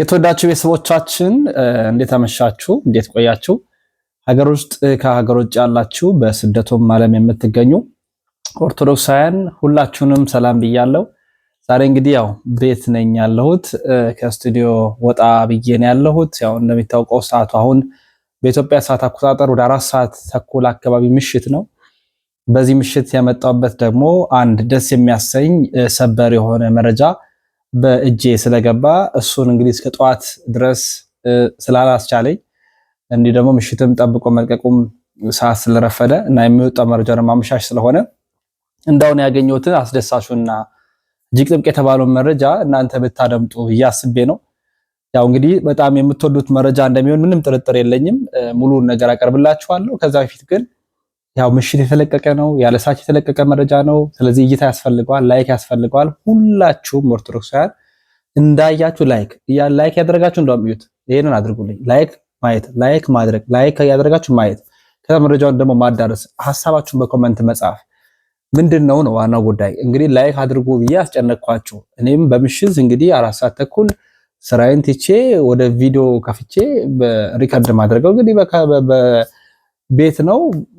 የተወዳችሁ ቤተሰቦቻችን እንዴት አመሻችሁ? እንዴት ቆያችሁ? ሀገር ውስጥ ከሀገር ውጭ ያላችሁ በስደቱም ዓለም የምትገኙ ኦርቶዶክሳውያን ሁላችሁንም ሰላም ብያለሁ። ዛሬ እንግዲህ ያው ቤት ነኝ ያለሁት ከስቱዲዮ ወጣ ብዬ ነው ያለሁት። ያው እንደሚታወቀው ሰዓቱ አሁን በኢትዮጵያ ሰዓት አቆጣጠር ወደ አራት ሰዓት ተኩል አካባቢ ምሽት ነው። በዚህ ምሽት የመጣሁበት ደግሞ አንድ ደስ የሚያሰኝ ሰበር የሆነ መረጃ በእጄ ስለገባ እሱን እንግዲህ እስከ ጠዋት ድረስ ስላላስቻለኝ እንዲህ ደግሞ ምሽትም ጠብቆ መልቀቁም ሰዓት ስለረፈደ እና የሚወጣው መረጃ ማምሻሽ ስለሆነ እንዳሁን ያገኘሁትን አስደሳሹና እጅግ ጥብቅ የተባለውን መረጃ እናንተ ብታደምጡ እያስቤ ነው። ያው እንግዲህ በጣም የምትወዱት መረጃ እንደሚሆን ምንም ጥርጥር የለኝም። ሙሉን ነገር አቀርብላችኋለሁ። ከዛ በፊት ግን ያው ምሽት የተለቀቀ ነው፣ ያለሳች የተለቀቀ መረጃ ነው። ስለዚህ እይታ ያስፈልገዋል፣ ላይክ ያስፈልገዋል። ሁላችሁም ኦርቶዶክሳውያን እንዳያችሁ ላይክ ላይክ ያደረጋችሁ እንደውም ይሄንን አድርጉልኝ። ላይክ ማየት፣ ላይክ ማድረግ፣ ላይክ ያደረጋችሁ ማየት፣ ከዛ መረጃውን ደግሞ ማዳረስ፣ ሀሳባችሁን በኮመንት መጻፍ ምንድን ነው ነው ዋናው ጉዳይ። እንግዲህ ላይክ አድርጉ ብዬ አስጨነቅኳችሁ። እኔም በምሽት እንግዲህ አራት ሰዓት ተኩል ስራዬን ትቼ ወደ ቪዲዮ ከፍቼ ሪከርድ ማድረገው እንግዲህ ቤት ነው።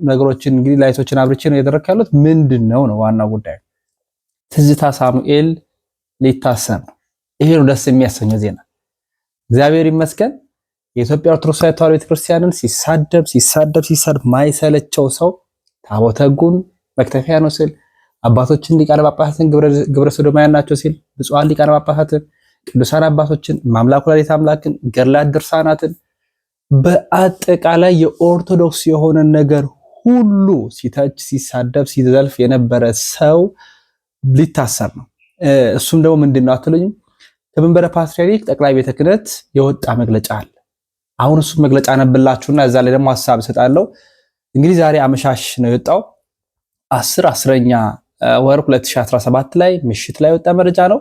ነገሮችን እንግዲህ ላይቶችን አብርቼ ነው እያደረክ ያሉት ምንድን ነው ነው ዋናው ጉዳይ። ትዝታ ሳሙኤል ሊታሰም ይሄ ነው ደስ የሚያሰኘው ዜና። እግዚአብሔር ይመስገን። የኢትዮጵያ ኦርቶዶክስ ተዋሕዶ ቤተክርስቲያንን ሲሳደብ ሲሳደብ ሲሳደብ ማይሰለቸው ሰው ታቦተ ሕጉን መክተፊያ ነው ሲል አባቶችን ሊቃነ ጳጳሳትን ግብረ ሰዶማያን ናቸው ሲል ብፁዓን ሊቃነ ጳጳሳትን ቅዱሳን አባቶችን ማምላኩ ላሊት አምላክን ገድላት ድርሳናትን በአጠቃላይ የኦርቶዶክስ የሆነ ነገር ሁሉ ሲተች፣ ሲሳደብ፣ ሲዘልፍ የነበረ ሰው ሊታሰር ነው። እሱም ደግሞ ምንድን ነው አትሉኝም? ከመንበረ ፓትርያርክ ጠቅላይ ቤተ ክህነት የወጣ መግለጫ አለ። አሁን እሱ መግለጫ አነብላችሁና እዛ ላይ ደግሞ ሀሳብ እሰጣለሁ። እንግዲህ ዛሬ አመሻሽ ነው የወጣው። አስር አስረኛ ወር 2017 ላይ ምሽት ላይ የወጣ መረጃ ነው።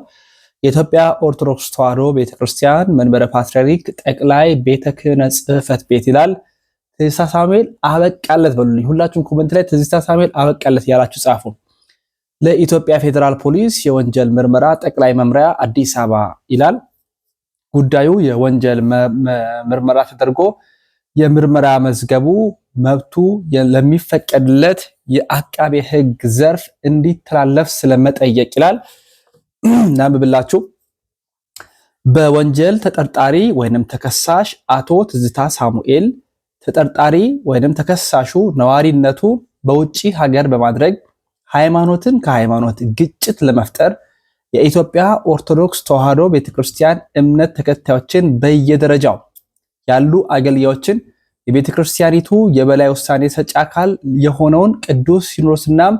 የኢትዮጵያ ኦርቶዶክስ ተዋሕዶ ቤተክርስቲያን መንበረ ፓትርያርክ ጠቅላይ ቤተ ክህነት ጽሕፈት ቤት ይላል። ትዝታ ሳሙኤል አበቃለት በሉልኝ ሁላችሁም ኮመንት ላይ ትዝታ ሳሙኤል አበቃለት እያላችሁ ጻፉ። ለኢትዮጵያ ፌዴራል ፖሊስ የወንጀል ምርመራ ጠቅላይ መምሪያ አዲስ አበባ ይላል። ጉዳዩ የወንጀል ምርመራ ተደርጎ የምርመራ መዝገቡ መብቱ ለሚፈቀድለት የአቃቤ ሕግ ዘርፍ እንዲተላለፍ ስለመጠየቅ ይላል። ናንብብላችሁ በወንጀል ተጠርጣሪ ወይንም ተከሳሽ አቶ ትዝታ ሳሙኤል ተጠርጣሪ ወይንም ተከሳሹ ነዋሪነቱ በውጪ ሀገር በማድረግ ሃይማኖትን ከሃይማኖት ግጭት ለመፍጠር የኢትዮጵያ ኦርቶዶክስ ተዋሕዶ ቤተክርስቲያን እምነት ተከታዮችን በየደረጃው ያሉ አገልጋዮችን የቤተክርስቲያኒቱ የበላይ ውሳኔ ሰጪ አካል የሆነውን ቅዱስ ሲኖዶስናም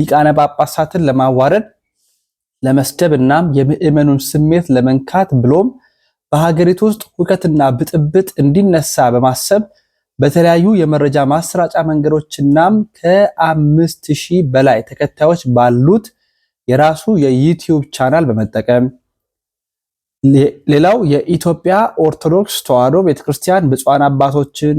ሊቃነ ጳጳሳትን ለማዋረድ ለመስደብ እናም የምዕመኑን ስሜት ለመንካት ብሎም በሀገሪቱ ውስጥ ሁከትና ብጥብጥ እንዲነሳ በማሰብ በተለያዩ የመረጃ ማሰራጫ መንገዶችናም ከአምስት ሺህ በላይ ተከታዮች ባሉት የራሱ የዩቲዩብ ቻናል በመጠቀም ሌላው የኢትዮጵያ ኦርቶዶክስ ተዋሕዶ ቤተክርስቲያን ብፁዓን አባቶችን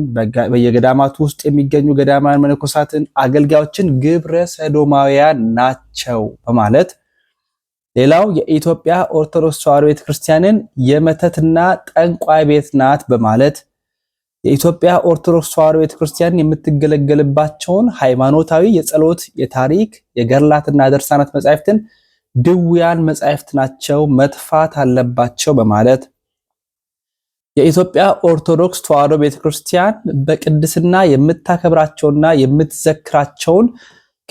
በየገዳማቱ ውስጥ የሚገኙ ገዳማውያን መነኮሳትን፣ አገልጋዮችን ግብረ ሰዶማውያን ናቸው በማለት ሌላው የኢትዮጵያ ኦርቶዶክስ ተዋሕዶ ቤተክርስቲያንን የመተትና ጠንቋይ ቤት ናት በማለት የኢትዮጵያ ኦርቶዶክስ ተዋሕዶ ቤተክርስቲያን የምትገለገልባቸውን ሃይማኖታዊ የጸሎት፣ የታሪክ፣ የገድላትና ደርሳናት መጻሕፍትን ድውያን መጻሕፍት ናቸው፣ መጥፋት አለባቸው በማለት የኢትዮጵያ ኦርቶዶክስ ተዋሕዶ ቤተክርስቲያን በቅድስና የምታከብራቸውና የምትዘክራቸውን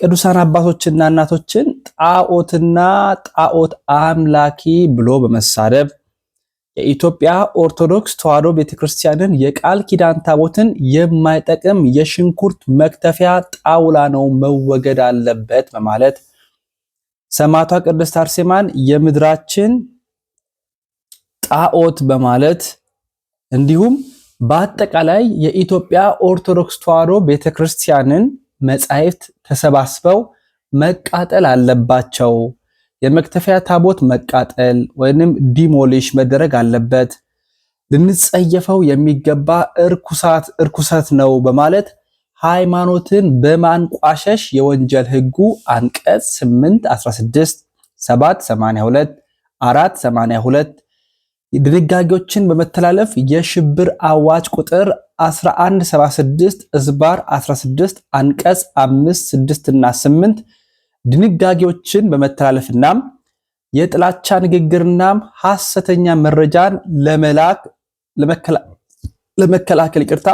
ቅዱሳን አባቶችና እናቶችን ጣዖትና ጣዖት አምላኪ ብሎ በመሳደብ የኢትዮጵያ ኦርቶዶክስ ተዋሕዶ ቤተክርስቲያንን የቃል ኪዳን ታቦትን የማይጠቅም የሽንኩርት መክተፊያ ጣውላ ነው፣ መወገድ አለበት በማለት ሰማዕቷ ቅድስት አርሴማን የምድራችን ጣዖት በማለት እንዲሁም በአጠቃላይ የኢትዮጵያ ኦርቶዶክስ ተዋሕዶ ቤተክርስቲያንን መጻሕፍት ተሰባስበው መቃጠል አለባቸው። የመክተፊያ ታቦት መቃጠል ወይንም ዲሞሊሽ መደረግ አለበት። ልንጸየፈው የሚገባ እርኩሳት እርኩሰት ነው በማለት ሃይማኖትን በማንቋሸሽ የወንጀል ህጉ አንቀጽ 8 16 7 82 4 82 ድንጋጌዎችን በመተላለፍ የሽብር አዋጅ ቁጥር 1176 ዝባር 16 አንቀጽ 5፣ 6 እና 8 ድንጋጌዎችን በመተላለፍና የጥላቻ ንግግርናም ሐሰተኛ መረጃን ለመላክ ለመከላከል ይቅርታ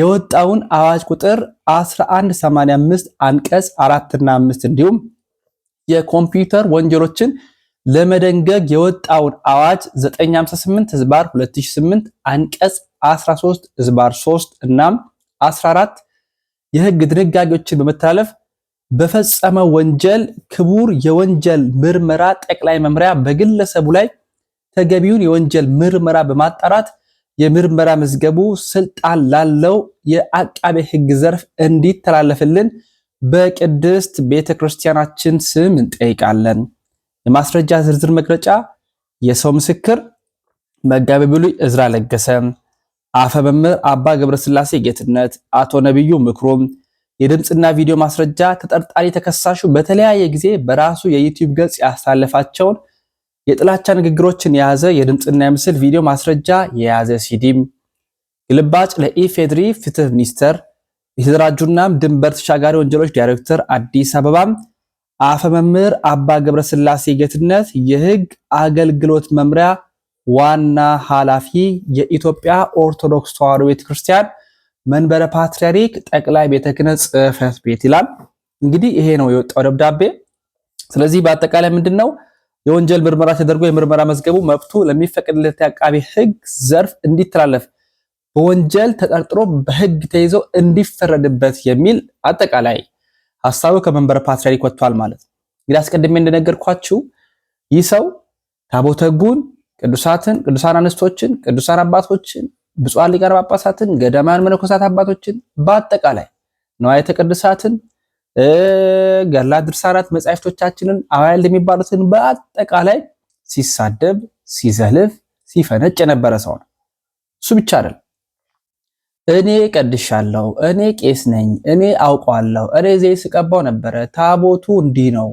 የወጣውን አዋጅ ቁጥር 1185 አንቀጽ 4 እና 5 እንዲሁም የኮምፒውተር ወንጀሎችን ለመደንገግ የወጣውን አዋጅ 958 ህዝባር 2008 አንቀጽ 13 ህዝባር 3 እናም 14 የህግ ድንጋጌዎችን በመተላለፍ በፈጸመው ወንጀል ክቡር የወንጀል ምርመራ ጠቅላይ መምሪያ በግለሰቡ ላይ ተገቢውን የወንጀል ምርመራ በማጣራት የምርመራ መዝገቡ ስልጣን ላለው የአቃቤ ህግ ዘርፍ እንዲተላለፍልን በቅድስት ቤተክርስቲያናችን ስም እንጠይቃለን። የማስረጃ ዝርዝር መግለጫ የሰው ምስክር መጋቢ ብሉይ እዝራ ለገሰ፣ አፈ መምህር አባ ገብረስላሴ ጌትነት፣ አቶ ነቢዩ ምክሩም የድምፅና ቪዲዮ ማስረጃ ተጠርጣሪ ተከሳሹ በተለያየ ጊዜ በራሱ የዩቲዩብ ገጽ ያሳለፋቸውን የጥላቻ ንግግሮችን የያዘ የድምፅና የምስል ቪዲዮ ማስረጃ የያዘ ሲዲም ግልባጭ ለኢፌድሪ ፍትህ ሚኒስቴር የተደራጁና ድንበር ተሻጋሪ ወንጀሎች ዳይሬክተር አዲስ አበባ አፈ መምህር አባ ገብረስላሴ ጌትነት የህግ አገልግሎት መምሪያ ዋና ኃላፊ፣ የኢትዮጵያ ኦርቶዶክስ ተዋህዶ ቤተክርስቲያን መንበረ ፓትርያርክ ጠቅላይ ቤተ ክህነት ጽሕፈት ቤት ይላል። እንግዲህ ይሄ ነው የወጣው ደብዳቤ። ስለዚህ በአጠቃላይ ምንድን ነው የወንጀል ምርመራ ተደርጎ የምርመራ መዝገቡ መብቱ ለሚፈቀድለት የአቃቤ ህግ ዘርፍ እንዲተላለፍ በወንጀል ተጠርጥሮ በህግ ተይዞ እንዲፈረድበት የሚል አጠቃላይ ሀሳቡ ከመንበረ ፓትርያርክ ወጥቷል ማለት ነው። እንግዲህ አስቀድሜ እንደነገርኳችሁ ይህ ሰው ታቦተ ሕጉን፣ ቅዱሳትን፣ ቅዱሳን አንስቶችን፣ ቅዱሳን አባቶችን፣ ብፁዓን ሊቃነ ጳጳሳትን፣ ገዳማውያን መነኮሳት አባቶችን በአጠቃላይ ንዋያተ ቅድሳትን፣ ገድላት፣ ድርሳናት መጻሕፍቶቻችንን አዋያል የሚባሉትን በአጠቃላይ ሲሳደብ፣ ሲዘልፍ፣ ሲፈነጭ የነበረ ሰው ነው። እሱ ብቻ አይደለም። እኔ ቀድሻለሁ፣ እኔ ቄስ ነኝ፣ እኔ አውቀዋለሁ፣ እኔ ዘይት ስቀባው ነበረ፣ ታቦቱ እንዲህ ነው፣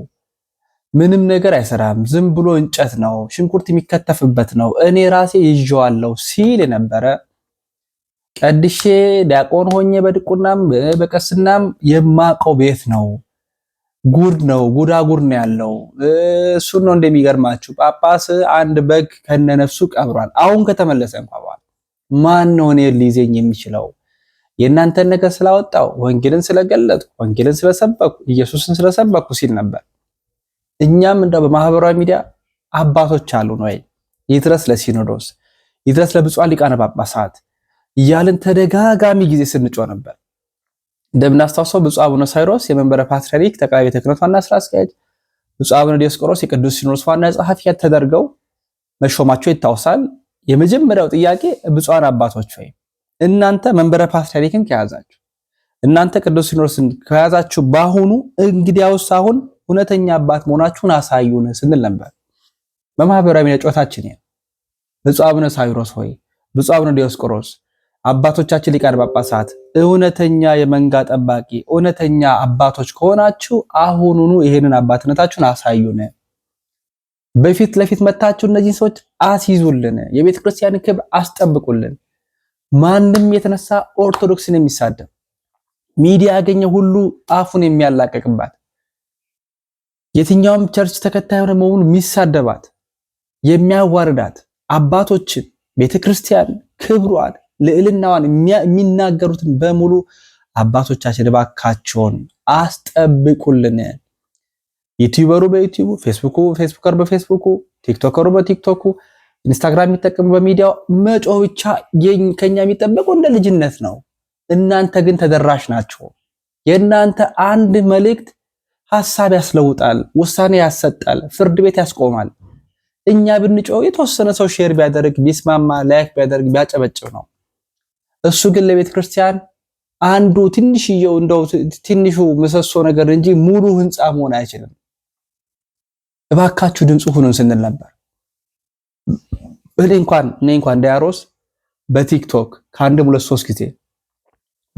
ምንም ነገር አይሰራም፣ ዝም ብሎ እንጨት ነው፣ ሽንኩርት የሚከተፍበት ነው፣ እኔ ራሴ ይዤዋለሁ ሲል ነበረ። ቀድሼ ዲያቆን ሆኜ በድቁናም በቀስናም የማቀው ቤት ነው። ጉድ ነው፣ ጉዳጉድ ነው ያለው። እሱን ነው እንደሚገርማችሁ ጳጳስ አንድ በግ ከነነፍሱ ቀብሯል። አሁን ከተመለሰ እንኳ ማን ነው እኔ ሊይዘኝ የሚችለው? የእናንተን ነገር ስላወጣው፣ ወንጌልን ስለገለጥኩ፣ ወንጌልን ስለሰበኩ፣ ኢየሱስን ስለሰበኩ ሲል ነበር። እኛም እንደው በማህበራዊ ሚዲያ አባቶች አሉን ወይ ይድረስ ለሲኖዶስ ይድረስ ለብፁዓን ሊቃነ ጳጳሳት እያልን ተደጋጋሚ ጊዜ ስንጮ ነበር። እንደምናስታውሰው ብፁዕ አቡነ ሳይሮስ የመንበረ ፓትርያርክ ጠቅላይ ቤተ ክህነት ዋና ስራ አስኪያጅ፣ ብፁዕ አቡነ ዲዮስቆሮስ የቅዱስ ሲኖዶስ ዋና ጸሐፊ ተደርገው መሾማቸው ይታወሳል። የመጀመሪያው ጥያቄ ብፁዓን አባቶች ወይ እናንተ መንበረ ፓትርያርክን ከያዛችሁ እናንተ ቅዱስ ሲኖዶስን ከያዛችሁ ባሁኑ እንግዲያውስ አሁን እውነተኛ አባት መሆናችሁን አሳዩን ስንል ነበር። በማህበራዊ ሚዲያ ጮታችን ይሄ ብፁዕ አቡነ ሳዊሮስ ሆይ ብፁዕ አቡነ ዲዮስቆሮስ አባቶቻችን ሊቃነ ጳጳሳት እውነተኛ የመንጋ ጠባቂ እውነተኛ አባቶች ከሆናችሁ አሁኑኑ ይሄንን አባትነታችሁን አሳዩን። በፊት ለፊት መታችሁ እነዚህን ሰዎች አስይዙልን፣ የቤተ ክርስቲያን ክብር አስጠብቁልን። ማንም የተነሳ ኦርቶዶክስን የሚሳደብ ሚዲያ ያገኘ ሁሉ አፉን የሚያላቀቅባት የትኛውም ቸርች ተከታይ ሆነ መሆኑ የሚሳደባት የሚያዋርዳት አባቶችን ቤተ ክርስቲያን ክብሯን ልዕልናዋን የሚናገሩትን በሙሉ አባቶቻችን እባካቸውን አስጠብቁልን ዩቲዩበሩ በዩቲዩቡ ፌስቡኩ ፌስቡከር በፌስቡኩ ቲክቶከሩ በቲክቶኩ ኢንስታግራም የሚጠቀሙ በሚዲያው መጮ ብቻ ከኛ የሚጠበቀው እንደ ልጅነት ነው። እናንተ ግን ተደራሽ ናቸው። የእናንተ አንድ መልእክት ሀሳብ ያስለውጣል፣ ውሳኔ ያሰጣል፣ ፍርድ ቤት ያስቆማል። እኛ ብንጮ የተወሰነ ሰው ሼር ቢያደርግ ቢስማማ፣ ላይክ ቢያደርግ ቢያጨበጭብ ነው። እሱ ግን ለቤተ ክርስቲያን አንዱ ትንሽየው እንደው ትንሹ ምሰሶ ነገር እንጂ ሙሉ ህንፃ መሆን አይችልም። እባካችሁ ድምፅ ሁኑን ስንል ነበር። እኔ እንኳን እኔ እንኳን ዳያሮስ በቲክቶክ ከአንድም ሁለት ሶስት ጊዜ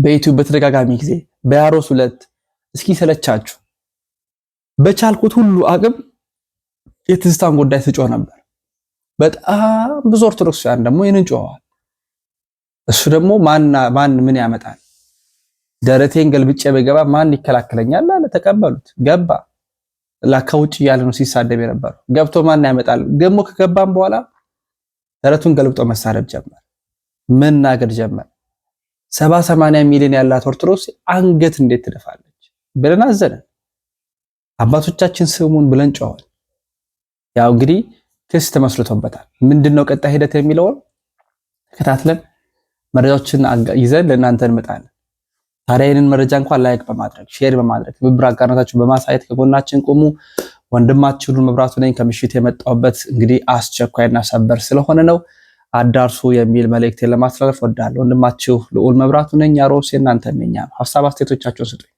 በዩቲዩብ በተደጋጋሚ ጊዜ በያሮስ ሁለት እስኪ ሰለቻችሁ በቻልኩት ሁሉ አቅም የትዝታን ጉዳይ ስጮህ ነበር። በጣም ብዙ ኦርቶዶክሳውያን ደግሞ ይህንን ጮኸዋል። እሱ ደግሞ ማን ምን ያመጣል፣ ደረቴን ገልብጬ በገባ ማን ይከላከለኛል አለ። ተቀበሉት፣ ገባ ከውጭ እያለ ነው ሲሳደብ የነበረው። ገብቶ ማን ያመጣል ደግሞ ከገባም በኋላ ደረቱን ገልብጦ መሳደብ ጀመር፣ መናገር ጀመር። ሰባ ሰማንያ ሚሊዮን ያላት ኦርቶዶክስ አንገት እንዴት ትደፋለች ብለን አዘነን። አባቶቻችን ስሙን ብለን ጮኸን። ያው እንግዲህ ክስ ተመስርቶበታል። ምንድነው ቀጣይ ሂደት የሚለውን ተከታትለን መረጃዎችን ይዘን ለእናንተ እንመጣለን። ታዲያ ይህንን መረጃ እንኳን ላይክ በማድረግ ሼር በማድረግ ትብብር አጋርነታችሁን በማሳየት ከጎናችን ቁሙ። ወንድማችሁን መብራቱ ነኝ። ከምሽት የመጣሁበት እንግዲህ አስቸኳይና ሰበር ስለሆነ ነው። አዳርሱ የሚል መልእክቴን ለማስተላለፍ ወዳለሁ። ወንድማችሁ ልዑል መብራቱ ነኝ። ያሮስ የእናንተ ነኛ ሀሳብ አስተያየቶቻችሁን ስጡኝ።